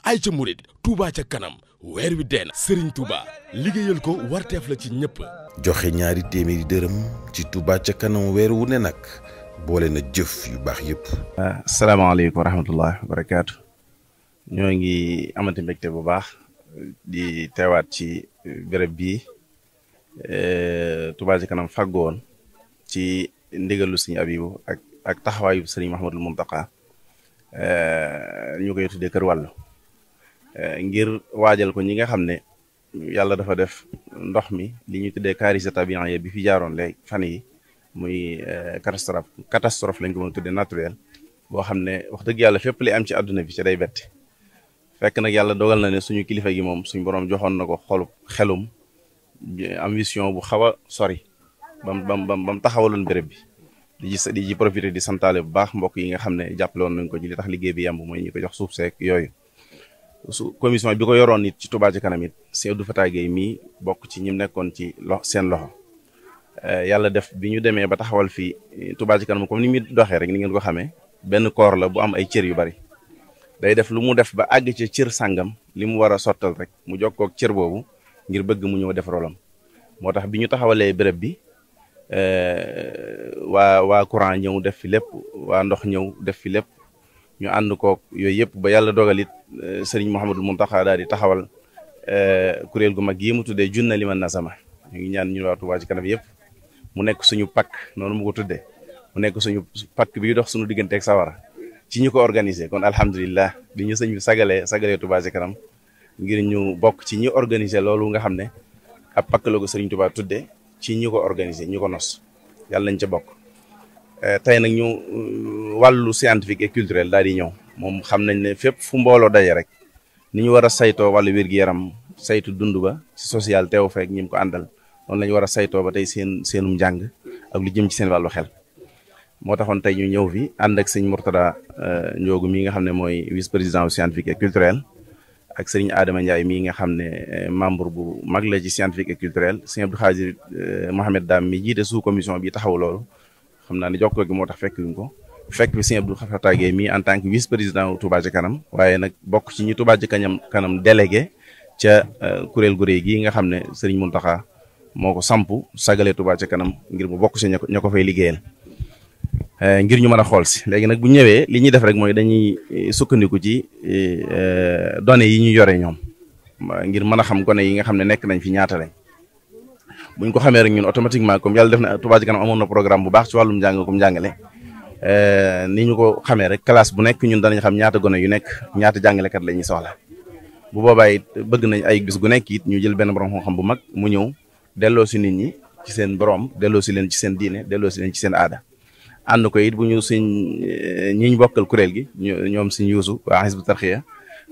ay ca murit Touba ca kanam weer wi dee na Serigne liggéeyal ko warteef la ci ñëpp. joxe ñaari téeméeri dërëm ci Touba ca kanam weer wu ne nag boole na jëf yu baax yëpp. Ah, asalaamaaleykum wa rahmatulah wa barakaatu ñoo ngi amati mbégte bu baax di teewaat ci béréb bi eh, Touba ca kanam faggoon ci ndegalu Sëriñ Abibu ak taxawaayu Sëriñ Mahamadul Muntaqa eh, ñu koy tuddee Kër Wàllu. Euh, ngir waajal ko ñi nga xam ne yàlla dafa def ndox mi li ñuy tuddee carisé tabian ye bi fi jaaroon léegi fan yi muy euh, catastrophe catastrophe lañ ko mën a tuddee naturel boo xam ne wax dëgg yàlla fépp li am ci àdduna bi ci day bette fekk nag yàlla dogal na ne suñu kilifa gi moom suñu borom joxoon na ko xolub xelum am bu xaw a sori bam bam bam bam taxawaloon béréb bi di ci di ci profité di santaale bu baax mbokk yi nga xam ne jàppale woon nañ ko ci li tax liggéey bi yamb mooy ñu ko jox suuf seek yooyu su commission bi ko yoroon it ci Touba ci kanam it Cheikh Abdou mii bokk ci ñim nekkoon ci lo seen loxo eh, yàlla def bi ñu demee ba taxawal fii eh, Touba ci kanam comme ni muy doxee rek ni ngeen ko benn koor la bu am ay cër yu bari day def lu mu def ba àgg ca cër sàngam li mu war a sottal rek mu jokkoo ak cër boobu ngir bëgg mu ñëw def rolam moo tax bi ñu taxawalee bërëb bi eh, waa waa courant ñëw def fi lépp waa ndox ñëw def fi lépp ñu ànd kook yooyu yëpp ba yàlla dogal it euh, sëriñ Mouhamadul Mountakha daal di taxawal euh, kuréel gu mag yi mu tuddee junna liman nasama ñu ngi ñaan ñu waa Touba ci kanam yëpp mu nekk suñu pakk noonu mu ko tuddee mu nekk suñu pakk bi dox suñu digganteeg sawara ci ñu ko organiser kon alhamdulillah di ñu sëñ sagalee sagalee Touba ci kanam ngir ñu bokk ci ñu organiser loolu nga xam ne ab pakk la ko sëriñ Touba tuddee ci ñu ko organiser ñu ko nos yàlla nañ ca bokk. Euh, tey nag ñu euh, wàllu scientifique et culturel daal di moom xam nañ ne fépp fu mbooloo daje rek ni ñu war a saytoo wàllu wér yaram saytu dund ba social teew feek ñi ko àndal noonu la ñu war a saytoo ba tey seen seenum njàng ak lu jëm ci seen wàllu xel moo taxoon tey ñu ñëw fi ànd ak sëñ Mourtada euh, Ndiogu mii nga xam ne mooy vice président scientifique et culturel ak sëriñ Adama Ndiaye mii nga xam ne membre bu mag la ci scientifique et culturel sëñ Abdou Khadir Mohamed Dam mi jiite sous commission bi taxaw loolu xam naa ne jokkoo gi moo tax fekk wuñ ko fekk fi sëñ Abdou Khafre Tagueye mii en tant que vice président Touba Ca Kanam waaye nag bokk ci ñi Touba Ca Kanam kanam délégué ca euh, kuréel gu réy gii nga xam ne mun Mountakha moo ko sampu sagalee Touba Ca Kanam ngir mu bokk si ña ko ña ko fay liggéeyal euh, ngir ñu mën a xool si léegi nag bu ñëwee li ñuy def rek mooy dañuy euh, sukkandiku ci données yi ñu yore ñoom ngir mën a xam gone yi nga xam ne nekk nañ fi ñaata lañ bu ñu ko xamee rek ñun automatiquement comme yàlla def na Touba Ca Kanam amoon na programme bu baax ci wàllum jàng comme jàngale euh, ni ñu ko xamee rek classe bu nekk ñun danañ xam ñaata gone yu nekk ñaata jàngalekat la ñuy soxla bu boobaa it bëgg nañ ay bis gu nekk it ñu jël benn borom xam bu mag mu ñëw delloo si nit ñi seen borom delloo si leen ci seen diine si leen ci seen aada. ànd ko it bu ñu suñ euh, ñi ñu bokkal kuréel gi ñoom suñ yuusu waa Hizbut Tarqiyyah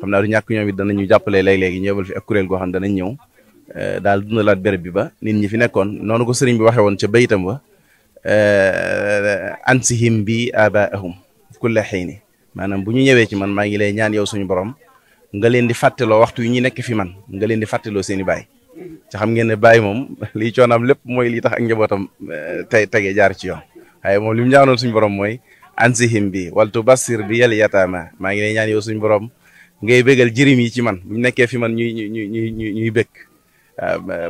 xam naa du ñàkk ñoom it danañ jàppale léeg-léegi ñu fi ak kuréel goo xam ne danañ ñëw. Eh, daal dundalaat béréb bi ba nit ñi fi nekkoon noonu ko sëriñ bi waxee woon ca baytam wa eh, ansihim bi abaahum kulla xiini maanaam bu ñu ñëwee ci man maa ngi lay ñaan yow suñu borom nga leen di fàttaloo waxtu yi ñu nekk fi man nga leen di fàttaloo seen i baay te xam ngeen ne baay moom liy coonaam lépp mooy li tax ak njabootam eh, tey tege jaar ci yoon waaye moom li mu ñaanoon suñu borom mooy ansihim bi waltu basir bi yal yataama maa ngi lay ñaan yow suñu borom ngay bégal jërim yi ci man bu ñu nekkee fi man ñuy ñuy ñuy ñuy ñuy bëgg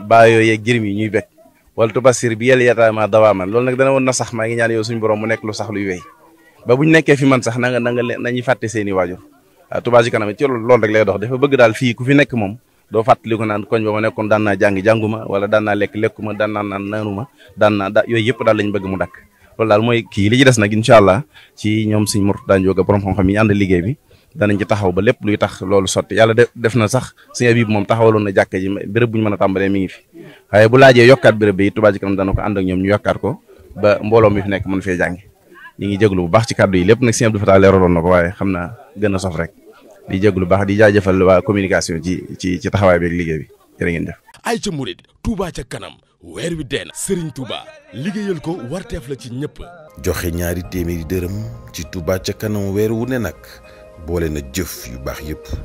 baayoo yeeg jërëm yi ñuy bekk wala tubasir bi yàlla yataama dawaaman loolu nag dana woon na sax maa ngi ñaan yow suñu borom mu nekk lu sax luy wey ba buñ nekkee fi man sax na nga na nga nañuy fàtte seen i waajur Touba Ca Kanam lool loolu rek lay dox dafa bëgg daal fii ku fi nekk moom doo fàttali ko naan koñ ba ma nekkoon daan naa jàng jànguma wala daan naa lekk lekkuma daan naa naan naanuma daan naa da yooyu yëpp daal lañ bëgg mu dakk loolu daal mooy kii li ci des nag incha allah ci ñoom suñ Mourtada Ndiogou borom xam-xam yi ànd danañ ci taxaw ba lépp luy tax loolu sotti yàlla def na sax suñu abib moom taxawaloon na jàkka ji béréb bu ñu mën a tàmbalee mi ngi fi waaye bu laajee yokkaat béréb bi Touba Ca Kanam dana ko ànd ñoom ñu yokkaat ko ba mbooloo mi fi nekk mën fee jàngi ñu ngi jéglu bu baax ci kàddu yi lépp nag suñu Abdou Fatah leeraloon na ko waaye xam naa rek di jéglu baax di jaajëfal waa communication ci ci ci taxawaay bi liggéey bi jërë ngeen jëf ay ca murid Touba Ca Kanam weer wi deen Serigne Touba liggéeyal ko warteef la ci ñëpp joxe ñaari téeméeri dërëm ci Touba Ca Kanam weer wu ne nag boole na jëf yu baax yëpp